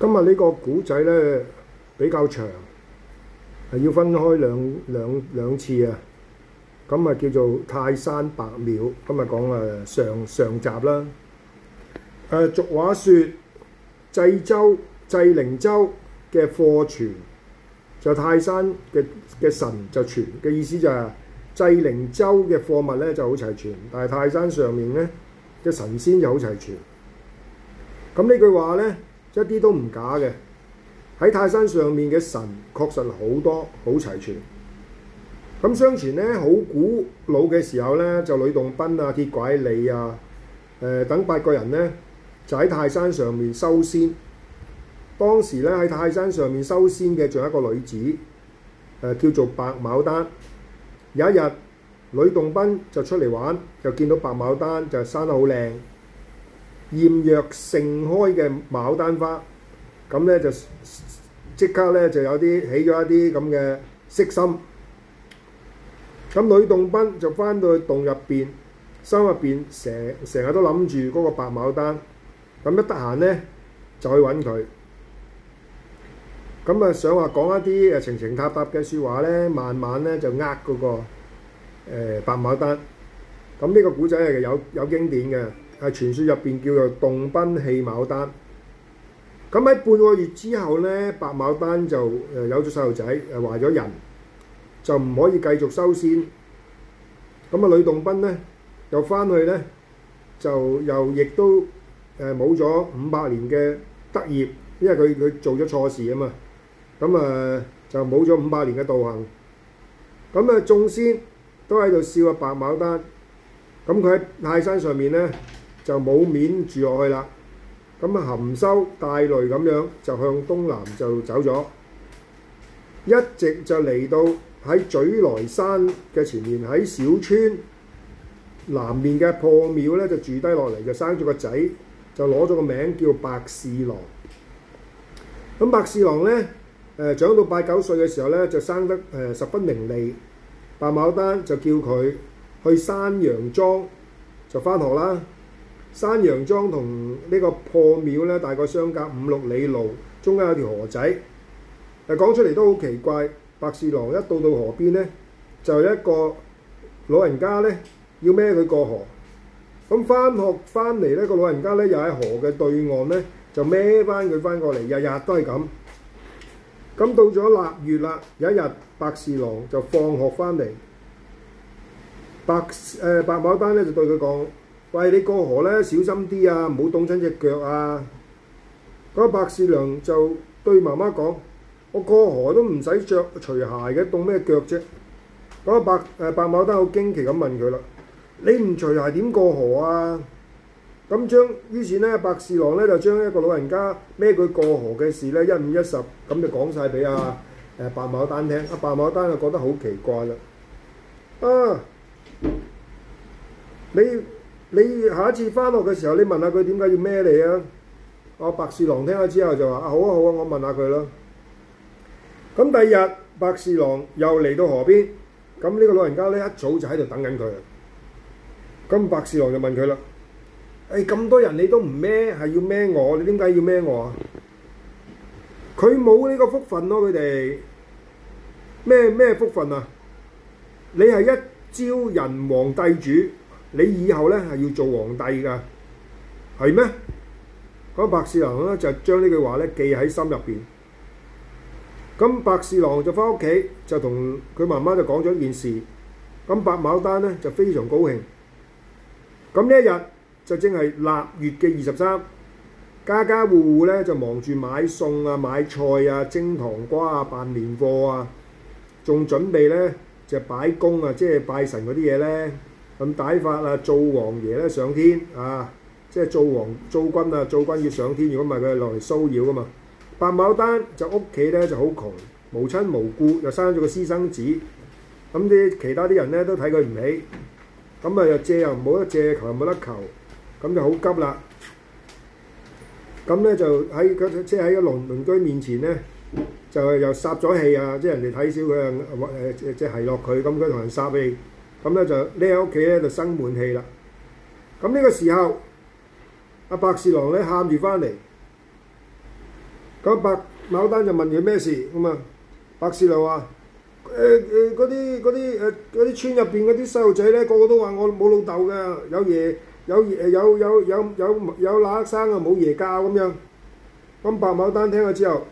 今日呢個古仔咧比較長，係要分開兩兩兩次啊。咁啊叫做泰山白廟，咁啊講誒上上集啦。誒俗話説濟州濟寧州嘅貨全就泰山嘅嘅神就全，嘅意思就係濟寧州嘅貨物咧就好齊全，但係泰山上面咧嘅神仙就好齊全。咁呢句話咧？一啲都唔假嘅，喺泰山上面嘅神確實好多，好齊全。咁相傳咧，好古老嘅時候咧，就呂洞賓啊、鐵拐李啊、誒、等八個人咧，就喺泰山上面修仙。當時咧喺泰山上面修仙嘅仲有一個女子，誒、叫做白牡丹。有一日，呂洞賓就出嚟玩，就見到白牡丹就生得好靚。豔若盛開嘅牡丹花，咁咧就即刻咧就有啲起咗一啲咁嘅色心。咁呂洞賓就翻到去洞入邊，心入邊成成日都諗住嗰個白牡丹。咁一得閒咧就去揾佢。咁啊想話講一啲誒情情塔塔嘅説話咧，慢慢咧就呃嗰個誒白牡丹。咁呢個古仔係有有經典嘅。係傳説入邊叫做洞賓棄牡丹。咁喺半個月之後咧，白牡丹就誒、呃、有咗細路仔，誒懷咗人，就唔可以繼續修仙。咁啊，呂洞賓咧又翻去咧，就又亦都誒冇咗五百年嘅德業，因為佢佢做咗錯事啊嘛。咁啊、呃、就冇咗五百年嘅道行。咁啊、呃，眾仙都喺度笑啊白牡丹。咁佢喺泰山上面咧，就冇面住落去啦，咁含羞帶淚咁樣就向東南就走咗，一直就嚟到喺嘴來山嘅前面，喺小村南面嘅破廟咧就住低落嚟，就生咗個仔，就攞咗個名叫白事郎。咁白事郎咧誒長到八九歲嘅時候咧，就生得誒十分伶俐，白牡丹就叫佢去山羊莊就翻學啦。山羊莊同呢個破廟咧，大概相隔五六里路，中間有條河仔。誒講出嚟都好奇怪，白侍郎一到到河邊咧，就有一個老人家咧要孭佢過河。咁翻學翻嚟呢個老人家咧又喺河嘅對岸咧，就孭翻佢翻過嚟，日日都係咁。咁到咗臘月啦，有一日白侍郎就放學翻嚟，白誒、呃、白牡丹咧就對佢講。「喂，你過河咧，小心啲啊！唔好凍親隻腳啊！嗰個白侍郎就對媽媽講：我過河都唔使着除鞋嘅，凍咩腳啫、啊？嗰個白誒白牡丹好驚奇咁問佢啦：你唔除鞋點過河啊？咁將於是呢，白侍郎咧就將一個老人家孭佢過河嘅事咧一五一十咁就講晒俾阿誒白牡丹聽。阿白牡丹就覺得好奇怪啦、啊！啊，你？你下一次返學嘅時候，你問下佢點解要孭你啊？阿、啊、白侍郎聽咗之後就話：啊，好啊好啊，我問下佢啦。咁第二日，白侍郎又嚟到河邊，咁呢個老人家咧一早就喺度等緊佢啊。咁白侍郎就問佢啦：咁、欸、多人你都唔孭，係要孭我？你點解要孭我啊？佢冇呢個福分咯、啊，佢哋咩咩福分啊？你係一朝人皇帝主。你以後咧係要做皇帝㗎，係咩？咁白侍郎咧就將呢句話咧記喺心入邊。咁白侍郎就翻屋企就同佢媽媽就講咗一件事。咁白牡丹咧就非常高興。咁呢一日就正係臘月嘅二十三，家家戶戶咧就忙住買餸啊、買菜啊、蒸糖瓜啊、辦年貨啊，仲準備咧就擺供啊，即係拜神嗰啲嘢咧。咁大法啊，灶王爺咧上天啊，即係灶王灶君啊，灶君要上天，如果唔係佢落嚟騷擾噶嘛。白牡丹就屋企咧就好窮，無親無故又生咗個私生子，咁啲其他啲人咧都睇佢唔起，咁啊又借又冇得借，求又冇得求，咁就好急啦。咁咧就喺即係喺個鄰鄰居面前咧，就又撒咗氣啊！即係人哋睇小佢，屈即係落佢，咁佢同人撒氣。咁咧就匿喺屋企咧就生悶氣啦。咁呢個時候，阿白侍郎咧喊住翻嚟。咁白牡丹就問佢咩事咁啊？白侍郎話：誒誒嗰啲嗰啲誒嗰啲村入邊嗰啲細路仔咧，個個都話我冇老豆嘅，有爺有有有有有有乸生啊，冇爺教咁樣。咁白牡丹聽咗之後，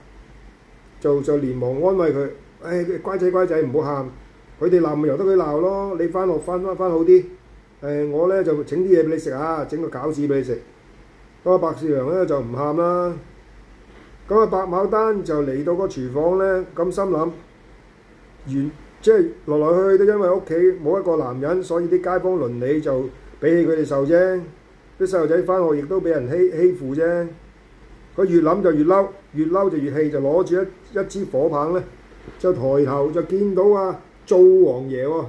就就連忙安慰佢：誒、哎、乖仔乖仔，唔好喊。佢哋鬧，由得佢鬧咯。你翻學翻翻翻好啲。誒、呃，我咧就整啲嘢俾你食啊，整個餃子俾你食。小呢不，嗰個白少陽咧就唔喊啦。咁啊，白牡丹就嚟到個廚房咧，咁心諗，原即係、就是、來來去去都因為屋企冇一個男人，所以啲街坊鄰里就俾佢哋受啫。啲細路仔翻學亦都俾人欺欺負啫。佢越諗就越嬲，越嬲就越氣，就攞住一一支火棒咧，就抬頭就見到啊！做灶王爺喎、哦，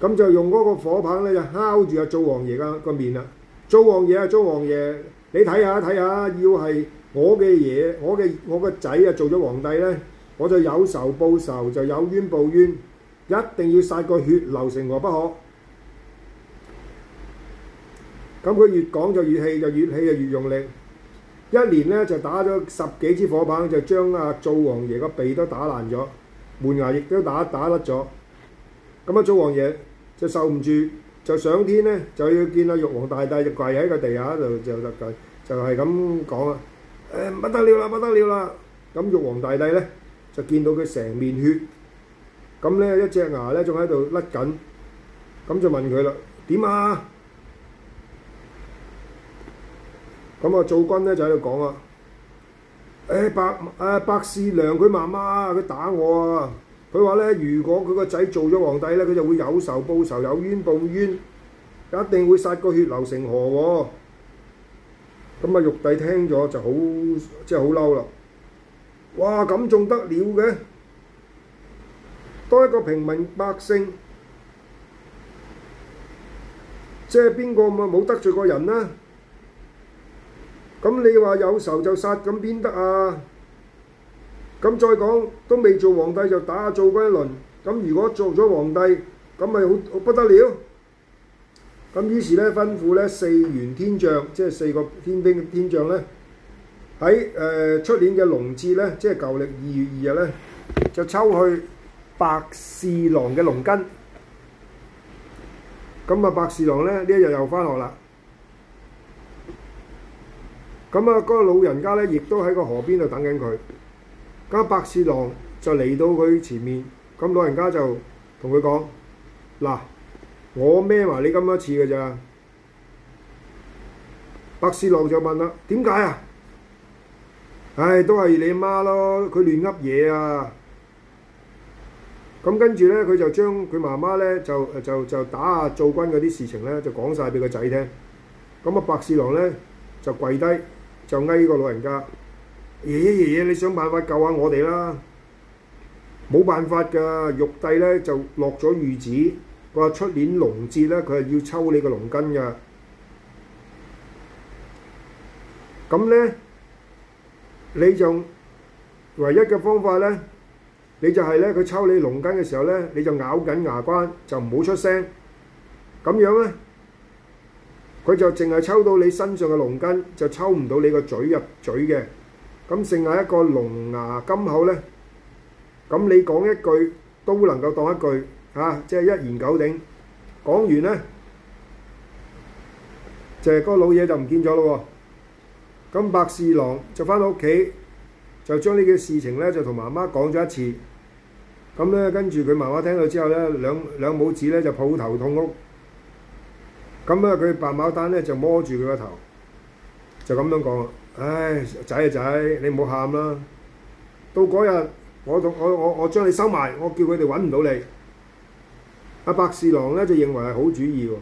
咁就用嗰個火棒咧，就敲住阿做灶王爺嘅個面啦。做灶王爺啊，做灶王爺，爺，爺，你睇下睇下，要係我嘅爺，我嘅我個仔啊做咗皇帝咧，我就有仇報仇，就有冤報冤，一定要殺個血流成河不可。咁佢越講就越氣，就越氣就越用力。一年咧就打咗十幾支火棒，就將阿、啊、做灶王爺個鼻都打爛咗。門牙亦都打打甩咗，咁啊，灶王爺就受唔住，就上天咧，就要見阿玉皇大帝就跪喺個地下度，就得佢就係咁講啊！誒，不得了啦，不得了啦！咁玉皇大帝咧就見到佢成面血，咁咧一隻牙咧仲喺度甩緊，咁就問佢啦：點啊？咁啊，灶君咧就喺度講啊！誒，白誒白氏娘，佢媽媽，佢打我啊！佢話咧，如果佢個仔做咗皇帝咧，佢就會有仇報仇，有冤報冤，一定會殺個血流成河喎！咁啊，玉帝聽咗就好，即係好嬲啦！哇，咁仲得了嘅？當一個平民百姓，即係邊個冇得罪過人咧？咁你話有仇就殺，咁邊得啊？咁再講，都未做皇帝就打做過一輪。咁如果做咗皇帝，咁咪好不得了。咁於是呢，吩咐呢四員天將，即係四個天兵天將呢，喺誒出年嘅農節呢，即係舊歷二月二日呢，就抽去白侍郎嘅龍筋。咁啊，白侍郎呢，呢一日又返學啦。咁啊，嗰個老人家咧，亦都喺個河邊度等緊佢。咁啊，白侍郎就嚟到佢前面，咁老人家就同佢講：嗱，我孭埋你咁多次㗎咋？白侍郎就問啦：點解啊？唉、哎，都係你阿媽咯，佢亂噏嘢啊！咁跟住咧，佢就將佢媽媽咧就就就打下做軍嗰啲事情咧，就講晒俾個仔聽。咁啊，白侍郎咧就跪低。就嗌呢個老人家，爺爺爺爺，你想辦法救下我哋啦！冇辦法㗎，玉帝咧就落咗御旨，話出年龍節咧佢係要抽你個龍筋㗎。咁咧，你就唯一嘅方法咧，你就係咧佢抽你龍筋嘅時候咧，你就咬緊牙關，就唔好出聲，咁樣咧。佢就淨係抽到你身上嘅龍筋，就抽唔到你個嘴入嘴嘅。咁剩下一個龍牙金口呢，咁你講一句都能夠當一句嚇，即係一言九鼎。講完呢，就係個老嘢就唔見咗咯。咁白侍郎就翻到屋企，就將呢件事情呢就同媽媽講咗一次。咁呢跟住佢媽媽聽到之後呢，兩兩母子呢就抱頭痛哭。咁啊，佢白牡丹咧就摸住佢個頭，就咁樣講：唉，仔啊仔，你唔好喊啦！到嗰日，我同我我我將你收埋，我叫佢哋揾唔到你。阿白侍郎咧就認為係好主意喎。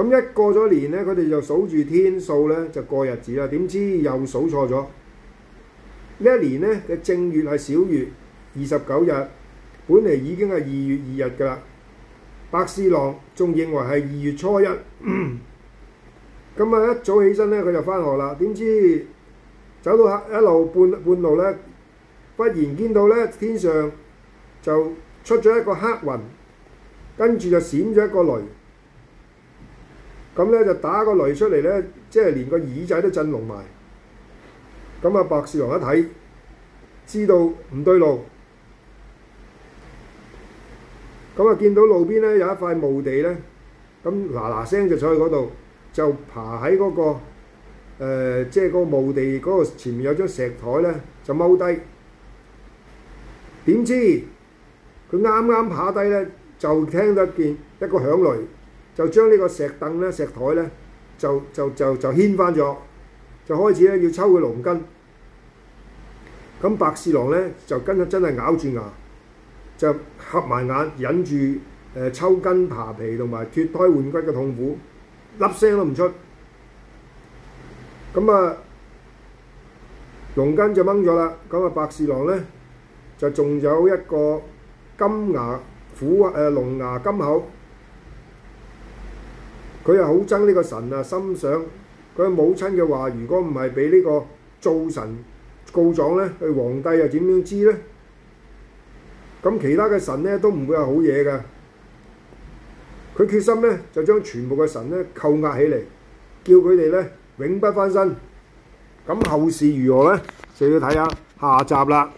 咁一過咗年咧，佢哋就數住天數咧，就過日子啦。點知又數錯咗。呢一年咧嘅正月係小月二十九日，本嚟已經係二月二日㗎啦。白侍郎仲認為係二月初一，咁、嗯、啊一早起身咧，佢就返學啦。點知走到一路半半路咧，忽然見到咧，天上就出咗一個黑雲，跟住就閃咗一個雷。咁咧就打個雷出嚟咧，即係連個耳仔都震聾埋。咁啊，白侍郎一睇，知道唔對路。咁啊！見到路邊咧有一塊墓地咧，咁嗱嗱聲就坐喺嗰度，就爬喺嗰個誒，即係個墓地嗰個前面有張石台咧，就踎低。點知佢啱啱爬低咧，就聽得見一個響雷，就將呢個石凳咧、石台咧，就就就就掀翻咗，就開始咧要抽佢龍筋。咁白侍郎咧就跟咗，真係咬住牙。就合埋眼，忍住誒、呃、抽筋扒皮同埋脫胎換骨嘅痛苦，粒聲都唔出。咁啊，龍筋就掹咗啦。咁啊，白侍郎咧就仲有一個金牙虎誒龍牙金口，佢又好憎呢個神啊，心想佢嘅母親嘅話，如果唔係俾呢個灶神告狀咧，佢皇帝又點樣知咧？咁其他嘅神咧都唔會有好嘢㗎，佢決心咧就將全部嘅神咧扣押起嚟，叫佢哋咧永不翻身。咁後事如何咧，就要睇下下集啦。